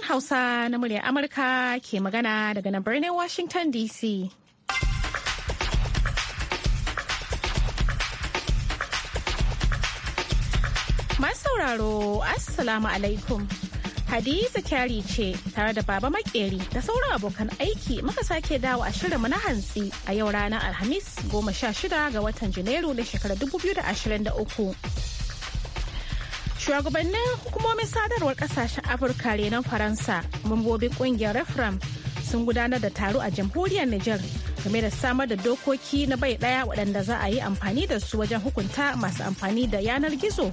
Sashen Hausa na murya Amurka ke magana daga nan birnin Washington DC. Masu sauraro, Assalamu alaikum. Hadiza kyari ce tare da Baba Makeri da sauran abokan aiki muka sake dawo a shirinmu na hantsi a yau ranar Alhamis goma sha shida ga watan Janairu na shekarar 2023. shugabannin hukumomin sadarwar kasashen afirka renon faransa mambobin kungiyar refram sun gudanar da taro a jamhuriyar niger game da samar da dokoki na bai daya waɗanda za a yi amfani da su wajen hukunta masu amfani da yanar gizo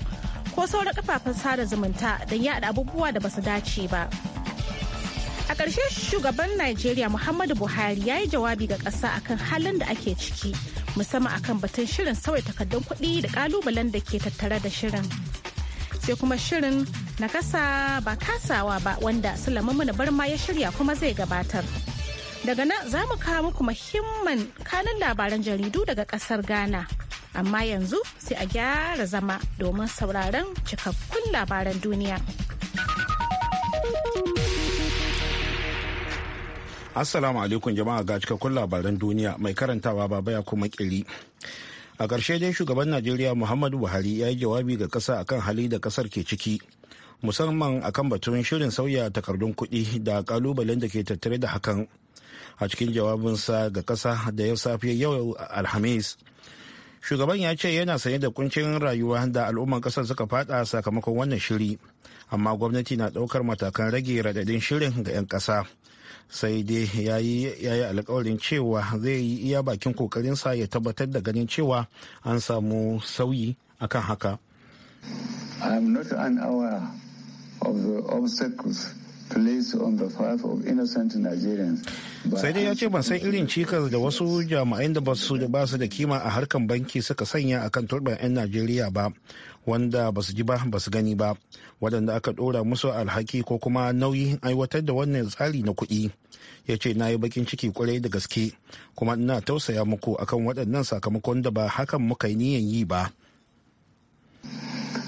ko sauran kafafen sada zumunta don yada abubuwa da basu dace ba a ƙarshe shugaban najeriya muhammadu buhari ya yi jawabi ga ƙasa akan halin da ake ciki musamman akan batun shirin sauya takardun kuɗi da ƙalubalen da ke tattare da shirin sai kuma shirin na kasa ba kasawa ba wanda mana barma ya shirya kuma zai gabatar daga nan za mu kawo muku muhimman kanun labaran jaridu daga kasar ghana amma yanzu sai a gyara zama domin sauraron cikakkun labaran duniya assalamu alaikum jama'a ga cikakkun labaran duniya mai karantawa baba ya kuma kiri a ƙarshe dai shugaban najeriya muhammadu buhari ya yi jawabi ga ƙasa akan hali da ƙasar ke ciki musamman akan batun shirin sauya takardun kuɗi da ƙalubalen da ke tattare da hakan a cikin jawabinsa ga ƙasa da ya safiya yau alhamis shugaban ya ce yana sanye da kuncin rayuwa da al'umman ƙasar suka fada sakamakon wannan shiri amma gwamnati na ɗaukar matakan rage raɗaɗin shirin ga 'yan ƙasa sai dai ya yi alkawarin cewa zai yi iya bakin kokarin sa ya tabbatar da ganin cewa an samu sauyi akan haka i'm not unaware of the obstacles sai dai ya ce ban san irin cikas da wasu jami'ai da ba su da kima a harkan banki suka sanya akan turban 'yan najeriya ba wanda ba su ji ba ba su gani ba waɗanda aka ɗora musu alhaki ko kuma nauyin aiwatar da wannan tsari na kuɗi ya ce na yi bakin ciki kwarai da gaske kuma ina tausaya muku akan waɗannan sakamakon da ba hakan muka yi niyan yi ba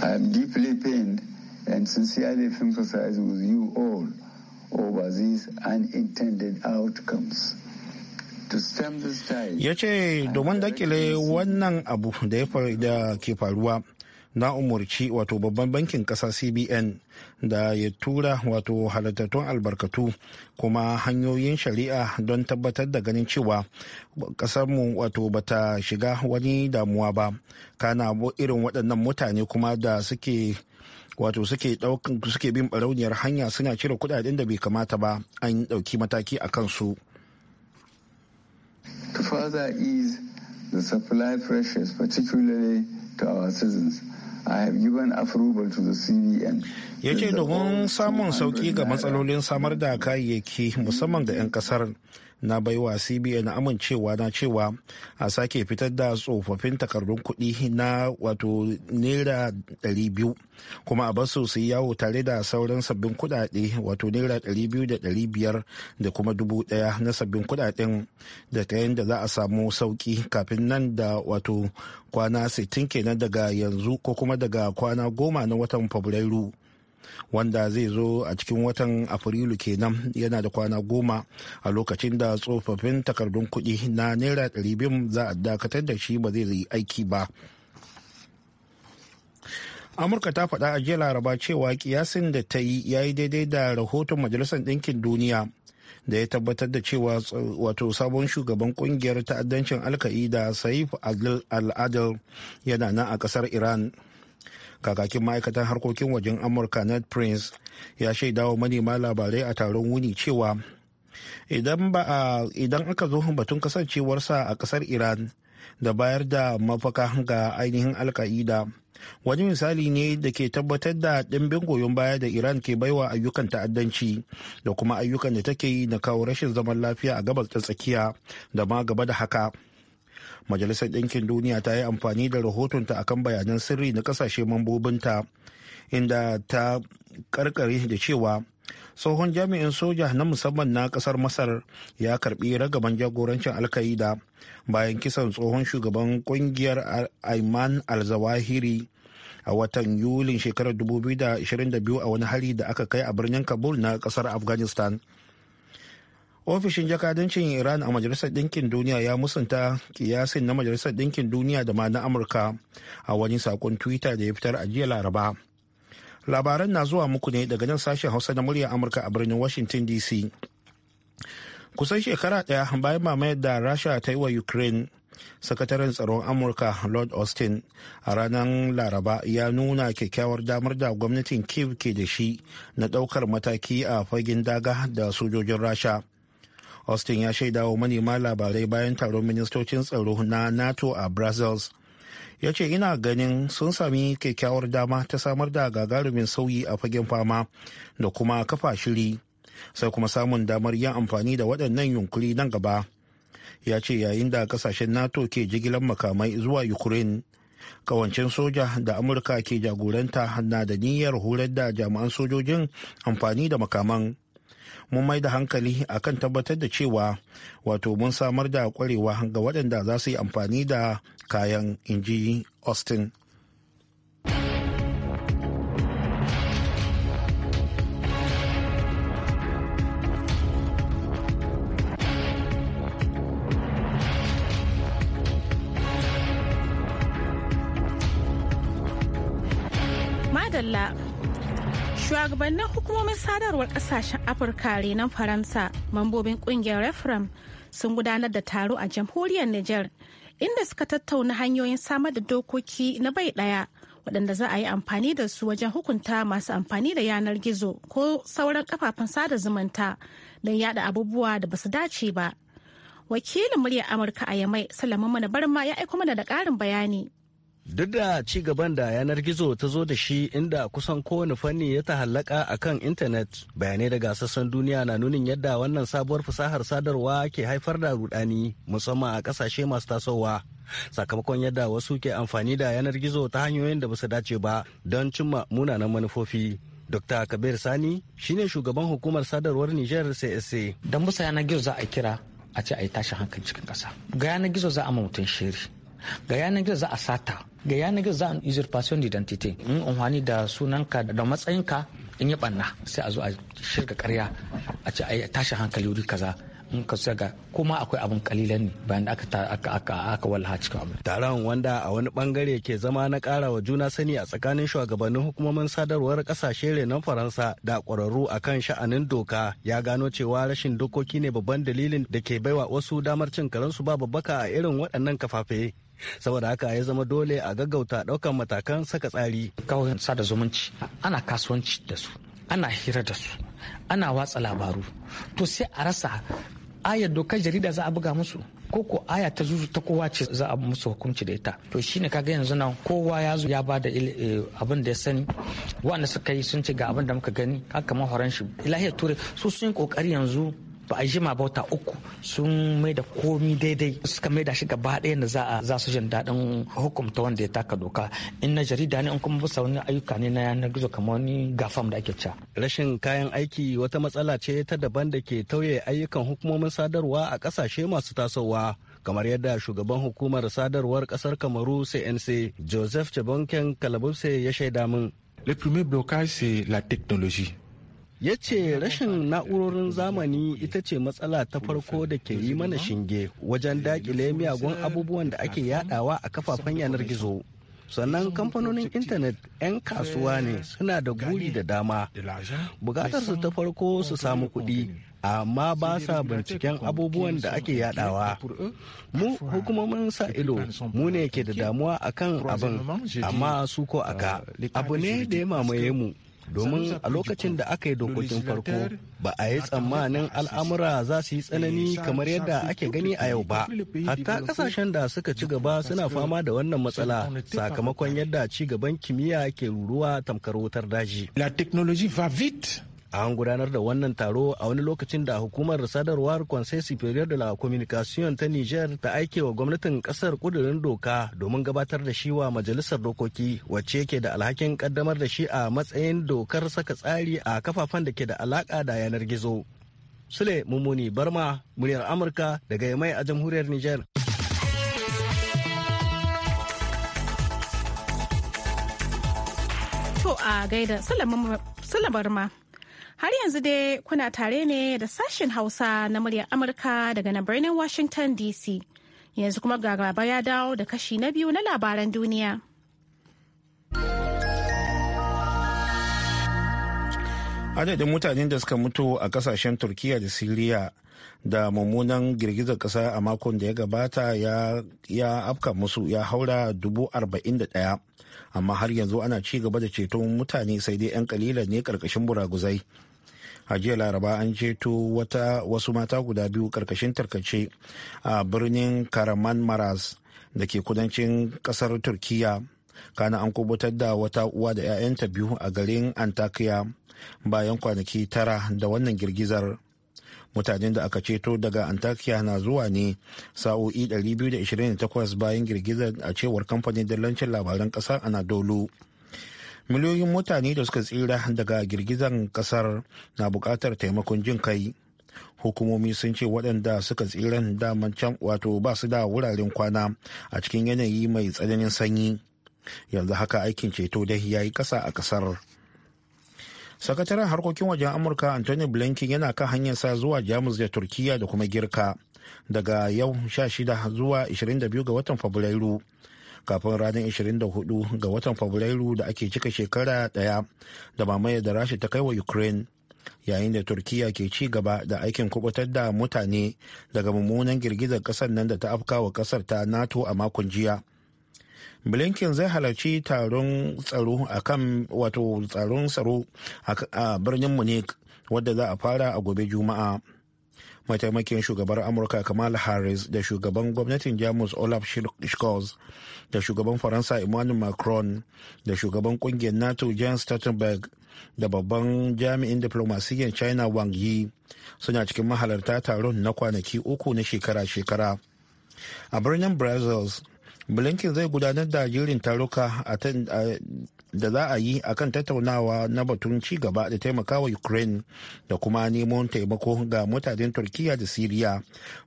I deeply pained and sincerely sympathize with you all over these unintended outcomes. ya ce domin dakile wannan abu da ke faruwa na umarci wato babban bankin ƙasa cbn da ya tura wato halittattun albarkatu kuma hanyoyin shari'a don tabbatar da ganin cewa mu wato bata shiga wani damuwa ba kana irin waɗannan mutane kuma da suke wato suke ɗaukan suke bin barauniyar hanya suna cire kudaden da bai kamata ba an ɗauki mataki a kansu. To further ease the supply pressures particularly to our citizens. Ya ce domin samun sauƙi ga matsalolin samar da kayayyaki musamman ga 'yan ƙasar. na baiwa cbn amincewa na cewa a sake fitar da tsofaffin takardun kuɗi na wato naira 200 kuma a basu su yawo tare da sauran sabbin kuɗaɗe wato naira 200 da biyar da kuma 1000 na sabbin kuɗaɗen da ta da za a samu sauki kafin nan da wato kwana 60 kenan daga yanzu ko kuma daga kwana goma na watan fabrairu wanda zai zo a cikin watan afrilu kenan yana da kwana goma a lokacin da tsofaffin takardun kuɗi na naira 200 za a dakatar da shi ba zai yi aiki ba amurka ta faɗa a jiya laraba cewa kiyasin da ta yi ya yi daidai da rahoton majalisar ɗinkin duniya da ya tabbatar da cewa wato sabon shugaban kungiyar ta'addancin alka'ida saif al-adil yana nan a ƙasar iran kakakin ma'aikatan harkokin wajen amurka ned prince ya wa manema labarai a taron wuni cewa idan ba a idan aka zo batun kasancewarsa a kasar iran da bayar da mafaka ga ainihin alka'ida wani misali ne da ke tabbatar da ɗimbin goyon baya da iran ke baiwa ayyukan ta'addanci da kuma ayyukan da take yi na kawo rashin zaman lafiya a gabas ta tsakiya da ma gaba da haka majalisar ɗinkin duniya ta yi amfani da rahotonta a kan bayanan sirri na ƙasashe mambobinta inda ta ƙarƙare da cewa tsohon jami'in soja na musamman na ƙasar masar ya karbi ragaban jagorancin alkaida bayan kisan tsohon shugaban ƙungiyar aiman alzawahiri a watan yulin shekarar 2022 a wani hari da aka kai a birnin kabul na ƙasar afghanistan ofishin jakadancin iran a majalisar ɗinkin duniya ya musanta kiyasin na majalisar ɗinkin duniya da ma na amurka a wani sakon twitter da ya fitar a jiya laraba labaran na zuwa muku ne daga nan sashen hausa na murya amurka a birnin washington dc kusan shekara ɗaya bayan mamayar da rasha ta yi wa ukraine sakataren tsaron amurka lord austin a ranar laraba ya nuna kyakkyawar damar da gwamnatin kiev ke da shi na daukar mataki a fagen daga da sojojin rasha austin ya shaida wa manema labarai bayan taron ministocin tsaro na nato a brussels ya ce ina ganin sun sami kyakkyawar dama ta samar da gagarumin sauyi a fagen fama da kuma kafa shiri sai kuma samun damar yin amfani da waɗannan yunkuri nan gaba ya ce yayin da kasashen nato ke jigilar makamai zuwa ukraine kawancin soja da amurka ke jagoranta na da niyyar horar da jami'an sojojin amfani da makaman mun mai da hankali a kan tabbatar da cewa wato mun samar da kwarewa ga waɗanda za su yi amfani da kayan inji austin Madalla shugabannin hukumomin sadarwar kasashen afirka renon faransa mambobin kungiyar refram sun gudanar da taro a jamhuriyar niger inda suka tattauna hanyoyin samar da dokoki na bai daya waɗanda za a yi amfani da su wajen hukunta masu amfani da yanar gizo ko sauran kafafen sada zumunta don yada abubuwa da basu dace ba wakilin muryar amurka a yamai salamu mana barma ya aiko mana da ƙarin bayani Duk da ci gaban da yanar gizo ta zo da shi inda kusan kowane fanni ya tahallaka a kan intanet, bayanai daga sassan duniya na nunin yadda wannan sabuwar fasahar sadarwa ke haifar da rudani musamman a kasashe masu tasowa. Sakamakon yadda wasu ke amfani da yanar gizo ta hanyoyin da basu dace ba don cimma munanan manufofi. Dr. Kabir Sani shine shugaban hukumar sadarwar Niger CSA. Don musa yanar gizo za a kira a ce a yi tashin hankali cikin ƙasa. Ga yanar gizo za a ma mutum shiri. ga yanar gizo za a sata ga yanar gizo za a usurpation identity in amfani da sunanka da matsayinka in yi banna sai a zo a shirga karya a ce ai tashi hankali wuri kaza in ka ga kuma akwai abin kalilan ne bayan da aka aka aka wallaha cikin abin taron wanda a wani bangare ke zama na kara wa juna sani a tsakanin shugabannin hukumomin sadarwar kasashe renon faransa da kwararru akan sha'anin doka ya gano cewa rashin dokoki ne babban dalilin da ke baiwa wasu damar cin karansu ba babbaka a irin waɗannan kafafe saboda haka ya zama dole a gaggauta daukan matakan saka tsari kawai sada zumunci ana kasuwanci da su ana hira da su ana watsa labaru to sai a rasa ayar dokar jarida za a buga musu ko ko aya ta zuzu ta kowa ce za a musu hukunci da ita to shi shine kaga yanzu nan kowa ya zo ya ba da eh, abin da ya sani wanda suka yi sun ce ga abin da muka gani haka mahoran shi ilahiyar ture su sun yi kokari yanzu ba a jima ba uku sun mai da komi daidai suka mai da shi gaba ɗaya da za a za su jin daɗin hukumta wanda ya taka doka in na jarida ne in kuma bisa wani ayyuka ne na yanar gizo kamar wani gafam da ake ca. rashin kayan aiki wata matsala ce ta daban da ke tauye ayyukan hukumomin sadarwa a kasashe masu tasowa kamar yadda shugaban hukumar sadarwar kasar kamaru cnc joseph chabonken kalabuse ya shaida min. le premier blocage c'est la technologie ya ce rashin na'urorin zamani ita ce matsala ta farko da ke yi mana shinge wajen dakile miyagun abubuwan da ake yadawa a kafafen yanar gizo sannan kamfanonin intanet 'yan kasuwa ne suna da guri da dama bukatar su ta farko su samu kuɗi amma ba sa binciken abubuwan da ake yadawa mu hukumomin sa ido mu ne ke da damuwa akan abin amma su ko aka abu ne da ya mamaye mu domin a lokacin da aka yi dokokin farko ba a yi tsammanin al'amura za su yi tsanani kamar yadda ake gani a yau ba hatta kasashen da suka ci gaba suna fama da wannan matsala sakamakon yadda ci gaban kimiyya ke ruruwa tamkar wutar daji la technologie va an gudanar da wannan taro a wani lokacin da hukumar sadarwar conseil superior de la communication ta niger ta aike wa gwamnatin kasar kudurin doka domin gabatar da shi wa majalisar dokoki wacce ke da alhakin kaddamar da shi a matsayin dokar saka tsari a kafafen da ke da alaka da yanar gizo sule mummuni barma muryar amurka daga mai a jamhuriyar niger to a gaida ma Har yanzu dai kuna tare ne da sashen Hausa na muryar Amurka daga nan birnin Washington DC. Yanzu kuma ga gaba ya dawo da kashi na biyu na labaran duniya. Adadin mutanen da suka mutu a kasashen turkiyya da Siriya da mummunan girgizar kasa a makon da ya gabata ya afka musu ya haura dubu arba'in da ɗaya. Amma har yanzu ana ci gaba da ceton mutane sai dai 'yan kalilan ne karkashin buraguzai. a jiya laraba an ceto wata wasu mata guda biyu karkashin tarkace a birnin karaman maras da ke kudancin kasar turkiya kana an kubutar da wata uwa da 'ya'yanta biyu a garin antakya bayan kwanaki tara da wannan girgizar mutanen da aka ceto daga antakya na zuwa ne sa'o'i 228 bayan girgizar a cewar kamfanin dillancin labaran ƙasa anadolu miliyoyin mutane da suka tsira daga girgizan kasar na bukatar taimakon jin kai hukumomi sun ce waɗanda suka tsiran daman can wato ba su da wuraren kwana a cikin yanayi mai tsananin sanyi yanzu haka aikin ceto dai ya yi ƙasa a ƙasar sakataren harkokin wajen amurka anthony blinken yana kan hanyar sa zuwa jamus da turkiya da kuma girka daga yau 16 zuwa 22 ga watan fabrairu kafin ranar 24 ga watan fabrairu da ake cika shekara daya da mamayar da rasha ta kai wa ukraine yayin da turkiya ke ci gaba da aikin kubutar da mutane daga mummunan girgizar kasar nan da ta afka wa kasar ta nato a makon jiya blinken zai halarci taron tsaro a kan wato tsaron tsaro a birnin munich wadda za a fara a gobe juma'a mataimakin shugabar amurka kamal harris da shugaban gwamnatin jamus olaf scholz da shugaban faransa emmanuel macron da shugaban kungiyar nato jens stoltenberg da babban jami'in diplomasiyyar china wang yi suna cikin mahalarta taron na kwanaki uku na shekara-shekara a birnin brazils blinken zai gudanar da jirin taruka da za a yi akan tattaunawa na batun ci gaba da taimakawa ukraine da kuma neman taimako ga mutanen turkiya da syria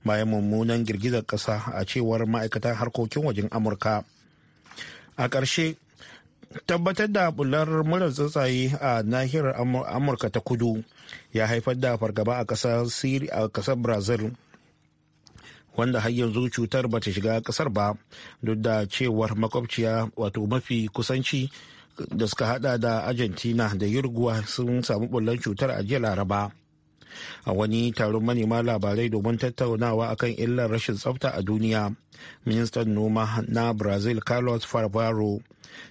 bayan mummunan girgizar kasa a cewar ma'aikatan harkokin wajen amurka a ƙarshe tabbatar da bular murar tsuntsaye a nahiyar amurka ta kudu ya haifar da fargaba a ƙasar brazil wanda har yanzu cutar bata shiga kasar ba duk da cewar makwabciya wato mafi kusanci da suka hada da argentina da yuruguwa sun samu bullon cutar a jiya laraba a wani taron manema labarai domin tattaunawa akan illar rashin tsafta a duniya ministan noma na brazil carlos farvaro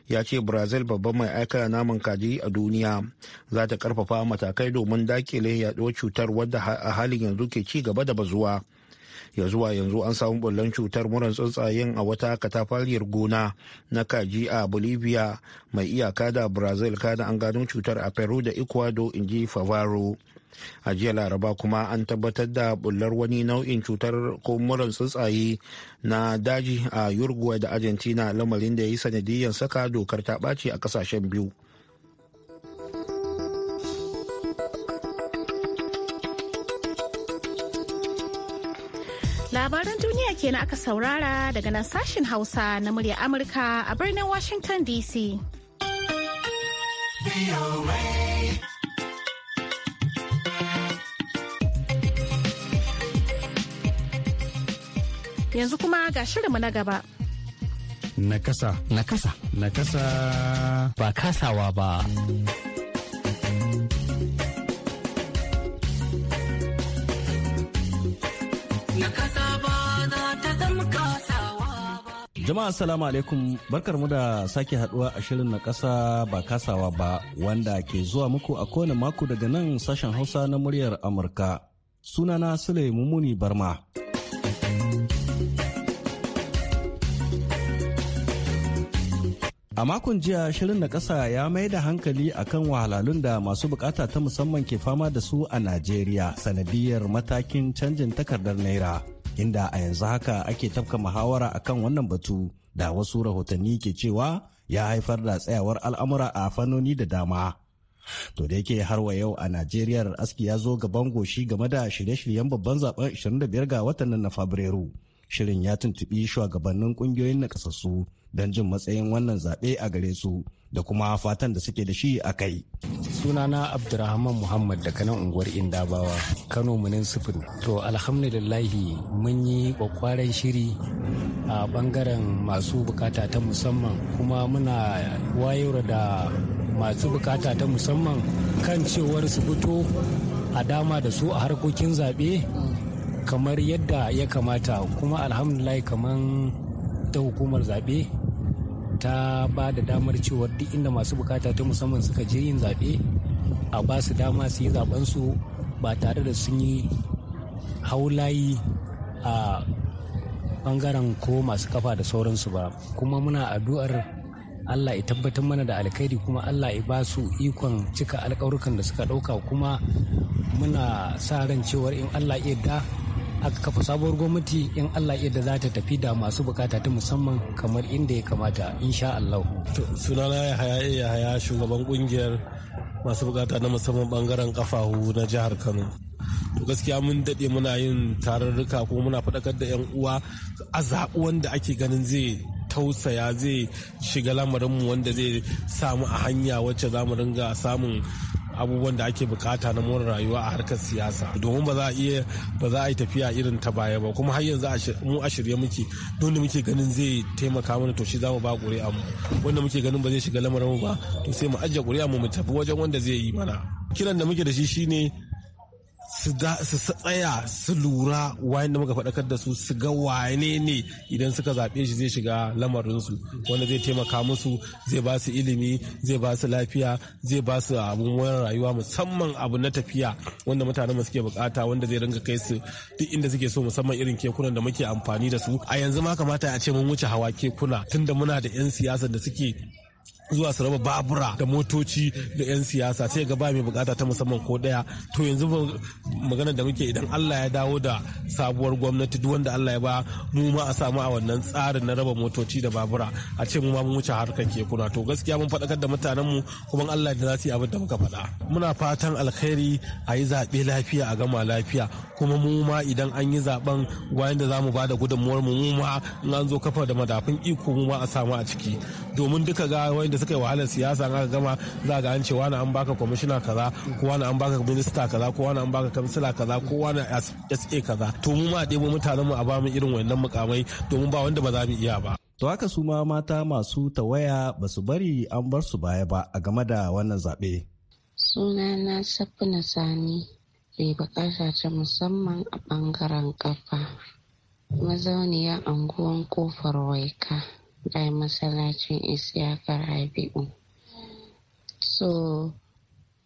ya ce brazil babban mai aika naman kaji a duniya za ta karfafa matakai domin dakile yaduwar cutar wadda a halin yanzu ke ci gaba da bazuwa ya zuwa yanzu an samu bullon cutar muran tsuntsayen a wata katafariyar gona na kaji a bolivia mai iyaka da brazil kada an gano cutar a peru da ecuador in ji favaro a jiya laraba kuma an tabbatar da bullar wani nau'in cutar ko muran tsuntsaye na daji a uruguay da argentina lamarin da ya yi sanadiyar saka dokar ta ɓace a ƙasashen biyu Labaran duniya kenan aka saurara daga nan sashen Hausa na murya Amurka a birnin Washington DC. Yanzu kuma ga shirinmu na gaba. Nakasa. Nakasa. Nakasa. Ba kasawa ba. Nakasa. Jama'a salamu alaikum barkar mu da sake haduwa a shirin na kasa ba kasawa ba wanda ke zuwa muku a kowane mako daga nan sashen Hausa na muryar Amurka. Sunana Sule Mumuni Barma. A makon jiya shirin na kasa ya mai da hankali akan wahalalun da masu bukata ta musamman ke fama da su a Najeriya sanadiyar matakin canjin takardar Naira. inda a yanzu haka ake tafka muhawara akan wannan batu da wasu rahotanni ke cewa ya haifar da tsayawar al'amura a fannoni da dama. To da yake har wa yau a Najeriya aski ya zo gaban goshi game da shirye-shiryen babban zaben 25 ga watan nan na Fabrairu. Shirin ya tuntubi shugabannin kungiyoyin nakasassu don jin matsayin wannan zaɓe a gare su da kuma fatan da suke da shi a kai. Sunana Abdurrahman Muhammad daga nan unguwar Indabawa, Kano munin sufin. To alhamdulillahi mun yi kwakwaren shiri a bangaren masu bukata ta musamman kuma muna wayar da masu bukata ta musamman kan cewar su fito a dama da su a harkokin zaɓe kamar yadda ya kamata kuma alhamdulillahi kamar ta hukumar zaɓe ta ba da damar cewa duk inda masu bukata ta musamman suka je yin zaɓe a ba su dama su yi zaɓensu ba tare da sun yi haulayi a bangaren ko masu kafa da sauransu ba kuma muna addu'ar Allah ya tabbatar mana da alkhairi kuma Allah ya ba su ikon cika alkawarukan da suka ɗauka kuma muna sa ran cewar in Allah ya da aka kafa sabuwar gwamnati in Allah yadda za ta tafi da masu bukata ta musamman kamar inda ya kamata insha Allah. Sunana ya haya ya haya shugaban kungiyar masu bukata na musamman bangaren kafahu na jihar Kano. To gaskiya mun daɗe muna yin tararruka ko muna faɗakar da 'yan uwa a zaɓi wanda ake ganin zai tausaya zai shiga lamarinmu wanda zai samu a hanya wacce za mu ringa samun abubuwan da ake bukata na more rayuwa a harkar siyasa domin ba za a iya ba za a yi tafiya irin ta baya ba kuma har yanzu mu a shirye muke don da muke ganin zai taimaka mana to shi za mu ba ƙuri'a mu wanda muke ganin ba zai shiga lamarin mu ba to sai mu ajiye ƙuri'a mu mu tafi wajen wanda zai yi mana kiran da muke da shi shine su tsaya su lura wayan da muka faɗakar da su su ga wane ne idan suka zaɓe shi zai shiga lamarinsu wanda zai taimaka musu zai ba su ilimi zai ba su lafiya zai ba su abun wayan rayuwa musamman abu na tafiya wanda mutanen mu suke bukata wanda zai ringa kai su duk inda suke so musamman irin kekunan da muke amfani da su a yanzu ma kamata a ce mun wuce hawa kekuna tunda muna da 'yan siyasa da suke zuwa su raba babura da motoci da 'yan siyasa sai ga ba mai bukata ta musamman ko daya to yanzu magana da muke idan Allah ya dawo da sabuwar gwamnati duk wanda Allah ya ba mu ma a samu a wannan tsarin na raba motoci da babura a ce mu ma mun wuce harkar kekuna to gaskiya mun faɗakar da mutanen mu kuma Allah da za su yi abin da muka faɗa muna fatan alkhairi a yi zaɓe lafiya a gama lafiya kuma mu ma idan an yi zaben wayan da zamu mu ba da gudunmuwar mu mu ma in an zo kafa da madafin iko mu ma a samu a ciki domin duka ga wayan da suka yi wahalar siyasa aka gama za ga an ce wani an baka kwamishina kaza ko wani an baka minista kaza ko wani an baka kamsila kaza ko wani sa kaza to mu ma ɗebo mutanen mu a ba mu irin wannan mukamai domin ba wanda ba za mu iya ba to haka su ma mata masu tawaya ba su bari an bar su baya ba a game da wannan zabe. zaɓe. sunana safina sani mai bukata ta musamman a bangaren kafa mazauniya anguwan kofar waika da masallacin isyaka rabi'u so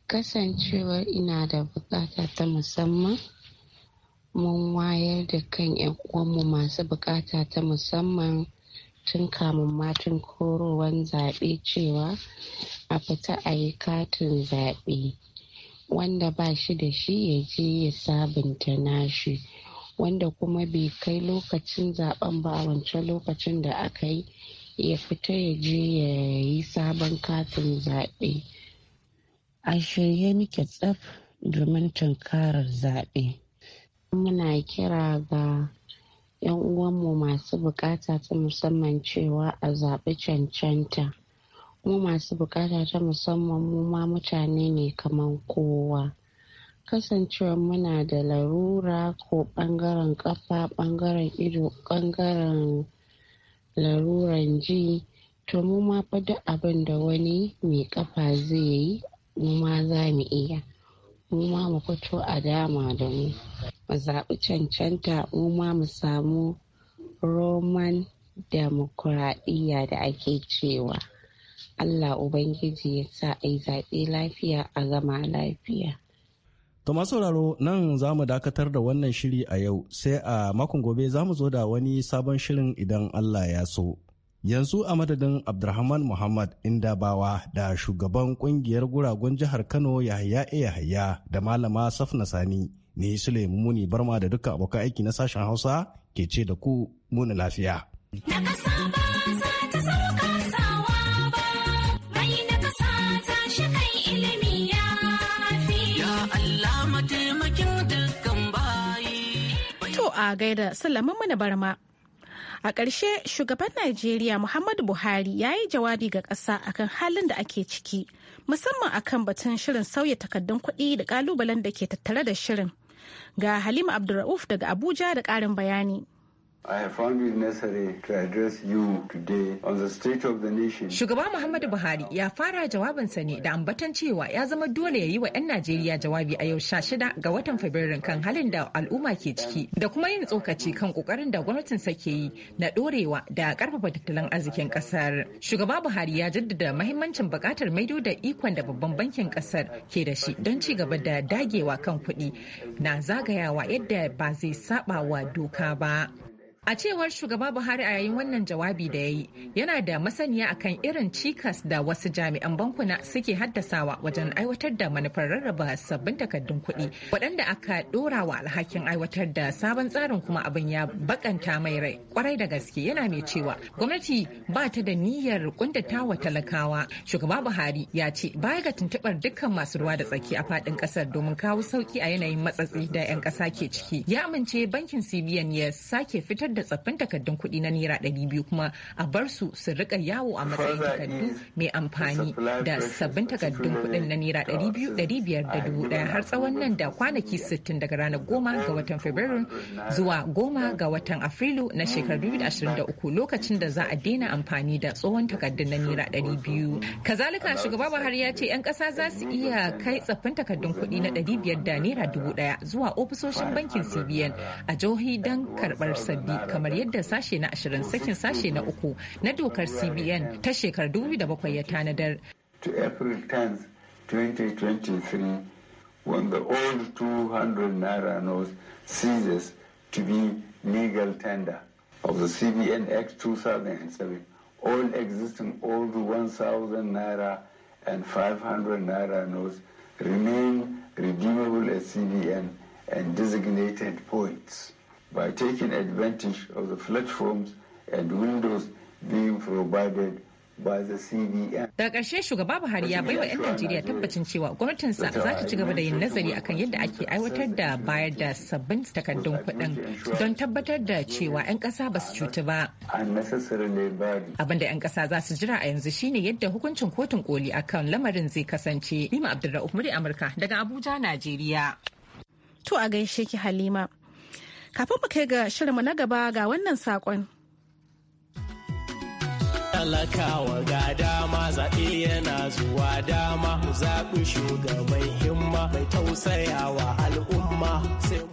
kasancewar ina da bukata ta musamman mun wayar da kan 'yan uwanmu masu bukata ta musamman tun kamun matan korowar zaɓe cewa a fita a yi katin zaɓe wanda ba shi da shi ya je ya sabunta nashi wanda kuma bai kai lokacin zaben ba a wancan lokacin da aka yi ya fita ya je ya yi sabon katin zaɓe. A shirye muke tsaf domin tunkarar zaɓe. Muna kira ga 'yan uwanmu masu bukata ta musamman cewa a zaɓi cancanta. Mu masu bukata ta musamman mu ma mutane ne kamar kowa. kasancewa muna da larura ko ɓangaren ƙafa ɓangaren ido ɓangaren laruran ji to mu ma fa duk abin da wani mai ƙafa zai yi mu ma za mu iya mu ma mu fito a dama da mu mu zaɓi cancanta mu ma mu samu roman demokuraɗiyya da ake cewa allah ubangiji ya sa ai zaɓe lafiya a gama lafiya To masu sauraro nan za mu dakatar da wannan shiri a yau sai a makon gobe za mu zo da wani sabon shirin idan Allah ya so. Yanzu a madadin Abdulrahman Muhammad Indabawa da shugaban kungiyar guragun jihar Kano Yahaya Yahaya da malama Safna Sani ne Sule Muni Barma da dukkan abokan aiki na sashen Hausa ke ce da ku muni lafiya. Da ba za ta sauka gaida Sulaiman mana barma. A ƙarshe shugaban Najeriya Muhammadu Buhari ya yi jawabi ga ƙasa akan halin da ake ciki, musamman akan batun shirin sauya takardun kuɗi da ƙalubalen da ke tattare da shirin. Ga Halima Abdulra'uf daga Abuja da ƙarin bayani. I to address you today the state of nation. Shugaba Muhammadu Buhari ya fara jawabinsa ne da ambatan cewa ya zama dole ya yi wa 'yan Najeriya jawabi a yau sha shida ga watan Fabrairu kan halin da al'umma ke ciki da kuma yin tsokaci kan kokarin da gwamnatin ke yi na dorewa da karfafa tattalin arzikin kasar. Shugaba Buhari ya jaddada mahimmancin bukatar maido da ikon da babban bankin kasar ke da shi don ci gaba da dagewa kan kuɗi na zagayawa yadda ba zai saba wa doka ba. A cewar shugaba Buhari a yayin wannan jawabi da ya yi, yana da masaniya akan irin cikas da wasu jami'an bankuna suke haddasawa wajen aiwatar da manufar rarraba sabbin takardun kuɗi waɗanda aka ɗora wa alhakin aiwatar da sabon tsarin kuma abin ya baƙanta mai rai kwarai da gaske yana mai cewa gwamnati ba ta da niyyar kundata wa talakawa. Shugaba Buhari ya ce baya ga tuntuɓar dukkan masu ruwa da tsaki a faɗin ƙasar domin kawo sauki a yanayin matsatsi da 'yan ƙasa ke ciki. Ya amince bankin CBN ya sake fitar da tsaffin takardun kuɗi na naira ɗari biyu kuma a bar su su rika yawo a matsayin takardu mai amfani da sabbin takardun kuɗin na naira ɗari biyu ɗari biyar da dubu ɗaya har tsawon nan da kwanaki sittin daga ranar goma ga watan fabrairu zuwa goma ga watan afrilu na shekarar dubu da da ashirin uku lokacin da za a daina amfani da tsohon takardun na naira ɗari biyu kazalika shugaba buhari ya ce 'yan ƙasa za su iya kai tsaffin takardun kuɗi na ɗari biyar da naira dubu ɗaya zuwa ofisoshin bankin cbn a jihohi don karɓar sabbi kamar yadda sashe na ashirin sakin sashe na uku na dokar cbn ta shekarar 2007 ya tanadar when the old 200 naira note ceases to be legal tender of the CBN Act 2007, all existing old 1,000 naira and 500 naira notes remain redeemable as CBN and designated points. by taking advantage of the platforms and windows being provided Da ƙarshe shugaba Buhari ya baiwa 'yan Najeriya tabbacin cewa gwamnatinsa za ta ci gaba da yin nazari akan yadda ake aiwatar da bayar da sabbin takardun kuɗin don tabbatar da cewa 'yan ƙasa ba su cutu ba. Abin da 'yan ƙasa za su jira a yanzu shine yadda hukuncin kotun koli akan lamarin zai kasance. nima Abdulrahman Amurka daga Abuja, Najeriya. To a gaishe ki Halima. Kafin mu kai ga shirinmu na gaba ga wannan sakon talakawa ga dama zaɓe yana zuwa dama zaɓi shugaban himma mai tausayawa al'umma.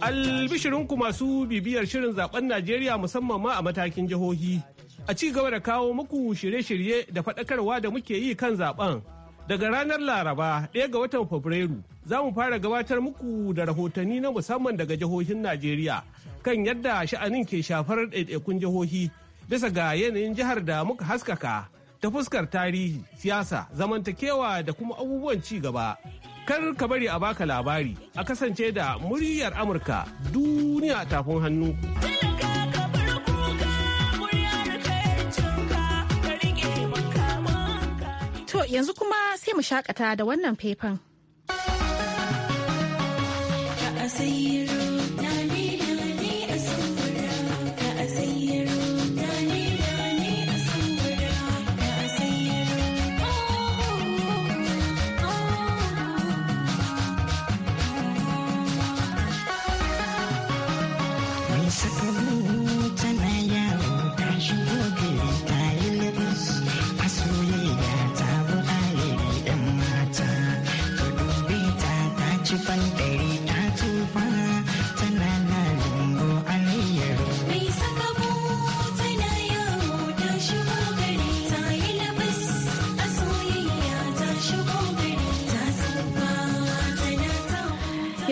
Albishirinku masu bibiyar shirin zaɓen Najeriya musamman ma a matakin jihohi. A ci gaba da kawo muku shirye-shirye da faɗakarwa da muke yi kan zaɓen. Daga ranar Laraba ɗaya ga watan Fabrairu za mu fara gabatar muku da rahotanni na musamman daga jihohin Najeriya kan yadda sha'anin ke shafar ɗaiɗaikun jihohi bisa ga yanayin jihar da muka haskaka ta fuskar tarihi, siyasa, zamantakewa da kuma abubuwan ci gaba. Kar ka bari a baka labari a kasance da muryar Amurka duniya tafin hannu. yanzu kuma sai mu shakata da wannan faifan.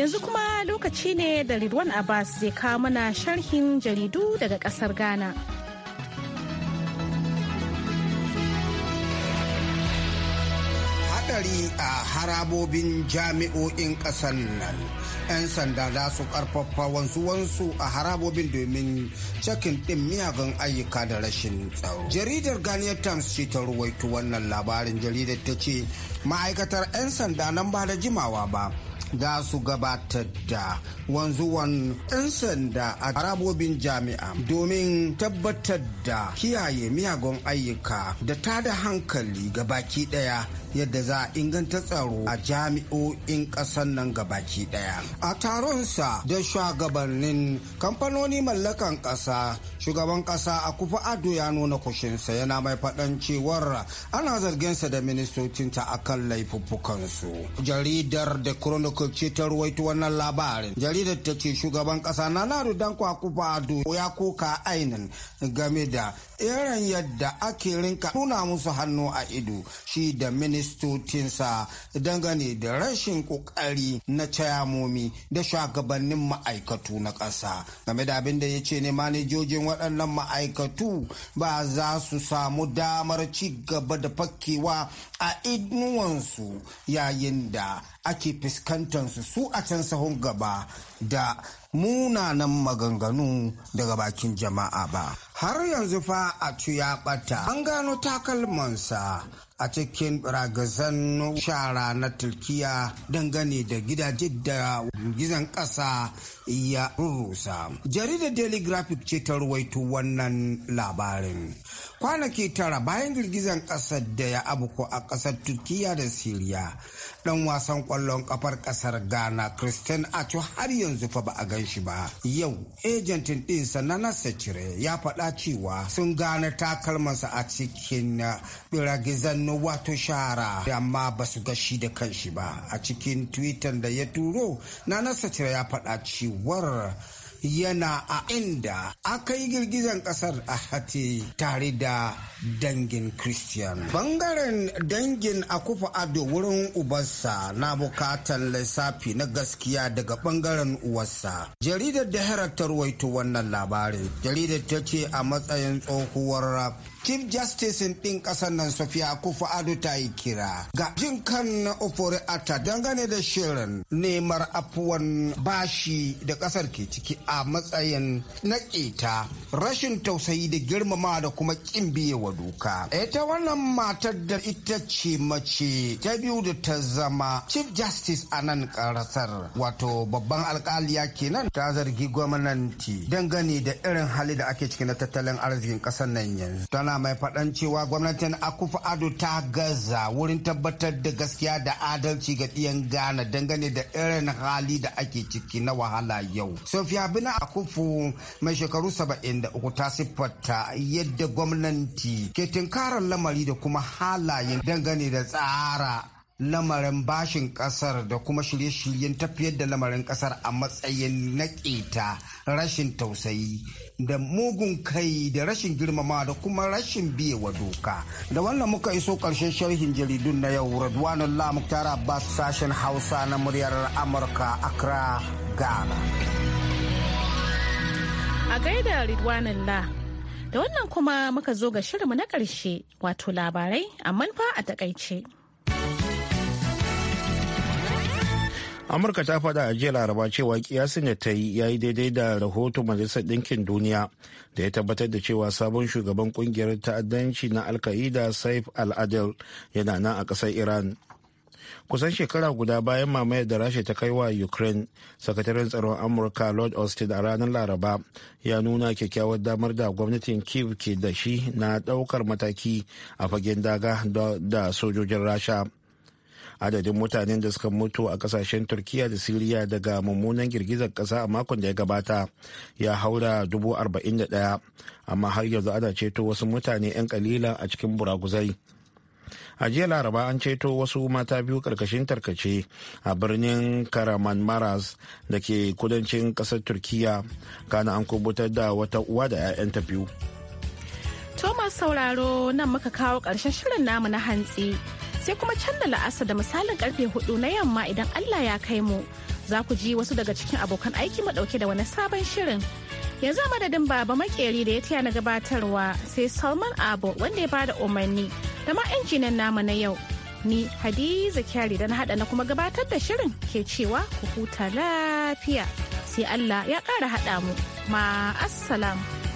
Yanzu kuma lokaci ne da Ridwan Abbas zai kawo mana sharhin jaridu daga kasar Ghana. Hadari a harabobin jami'o'in ƙasar nan. 'Yan sanda za su karfafa wansu-wansu a harabobin domin cakin ɗin miyagun ayyuka da rashin tsaro. Jaridar Ghanaian Times ce ta ruwaito wannan labarin jaridar ta ce ma'aikatar 'yan sanda nan ba da jimawa ba. za su gabatar da wanzuwan 'yan sanda a harabobin jami'a domin tabbatar da kiyaye miyagun ayyuka da tada hankali ga baki daya yadda za a inganta tsaro a jami'o'in ƙasar nan gabaki ɗaya. A taronsa da shugabannin kamfanoni mallakan ƙasa, shugaban ƙasa a kufa ado ya nuna kushinsa yana mai faɗan cewar ana zarginsa da ministocinta kan laifuffukansu. Jaridar da Chronicle ce ta ruwaito wannan labarin. Jaridar ta ce shugaban ƙasa na Nadu Danko kufa Ado ya koka ainin game da irin yadda ake rinka nuna musu hannu a ido shi da ministocinsa dangane da rashin kokari na cayamomi da shugabannin ma'aikatu na ƙasa game da abin da ya ce ne manejojin waɗannan ma'aikatu ba za su samu damar ci gaba da fakkewa a inuwansu yayin da ake fuskantar su a can sahun gaba da munanan maganganu daga bakin jama'a ba. Har yanzu fa a ya ɓata an gano takalmansa a cikin ragazan shara na turkiya dangane da gidaje da gizon ƙasa ya rusa jaridar daily graphic ce ta ruwaito wannan labarin kwanaki tara bayan girgizan ƙasar da ya abuko a ƙasar turkiya da siriya dan wasan kwallon kafar ƙasar ghana christian acho har yanzu fa ba a gan shi ba yau ejentin ɗinsa na nasa cire ya faɗa cewa sun gane takalmansa a cikin biragizan uh, na wato shahara amma ba su gashi da kanshi ba a cikin twitter da ya turo na nasa ya faɗa ciwar yana a inda aka yi girgizan kasar a hati tare da dangin christian bangaren dangin a kufa ado wurin ubarsa na bukatan lissafi na gaskiya daga bangaren uwarsa jaridar da ta ruwaito wannan labarin jaridar ta ce a matsayin tsohuwar Chief Justice ɗin ƙasar nan sofia Kufu Ado ta yi kira ga jin kan na Ofori Ata dangane da shirin nemar afuwan bashi da ƙasar ke ciki a matsayin na ƙeta rashin tausayi da girmama da kuma ƙin biyewa doka. Ita wannan matar da ita ce mace ta biyu da ta zama Chief Justice a nan ƙarasar wato babban alƙaliya kenan ta zargi gwamnati dangane da irin hali da ake ciki na tattalin arzikin ƙasar nan yanzu. suna mai faɗan cewa gwamnatin akufa ado ta gaza wurin tabbatar da gaskiya da adalci ga ɗiyan ghana dangane da irin hali da ake ciki na wahala yau sofiya bina akufu mai shekaru 73 ta siffata yadda gwamnati ke tinkarar lamari da kuma halayen dangane da tsara lamarin bashin kasar da kuma shirye-shiryen tafiyar da lamarin kasar a matsayin na rashin tausayi da mugun kai da rashin girmama da kuma rashin biyewa doka da wannan muka iso karshen sharhin jaridun na yau radwanan lamuktar abbas sashen hausa na muryar amurka accra ghana a gaida ridwanan la da wannan kuma muka zo ga shirinmu na ƙarshe, wato labarai amma fa a takaice. amurka ta faɗa a jiya laraba cewa kiyasin da ta yi ya yi daidai da rahoton majalisar ɗinkin duniya da ya tabbatar da cewa sabon shugaban kungiyar ta'addanci na alka'ida saif al-adil yana nan a ƙasar iran kusan shekara guda bayan mamayar da rasha ta kai wa ukraine sakataren tsaron amurka lord austin a ranar laraba ya nuna kyakkyawar damar da gwamnatin kiev ke da shi na daukar mataki a fagen daga da sojojin rasha adadin mutanen da suka mutu a kasashen turkiya da siriya daga mummunan girgizar kasa a makon da ya gabata ya haura dubu arba'in da ɗaya amma har yanzu ana ceto wasu mutane 'yan kalila a cikin buraguzai a jiya laraba an ceto wasu mata biyu karkashin tarkace a birnin karaman maras da ke kudancin kasar turkiya kana an kubutar da wata uwa da 'ya'yanta biyu thomas sauraro nan muka kawo ƙarshen shirin namu na hantsi sai kuma canza la'asa da misalin karfe hudu na yamma idan Allah ya kai mu za ku ji wasu daga cikin abokan aiki mu dauke da wani sabon shirin. Yanzu a madadin baba makeri da ya taya na gabatarwa sai Salman abu wanda ya bada umarni da ma injinan namu na yau. Ni Hadiza Kyari da na hada na kuma gabatar da shirin ke cewa ku huta lafiya sai Allah ya kara hada mu. Ma'assalam.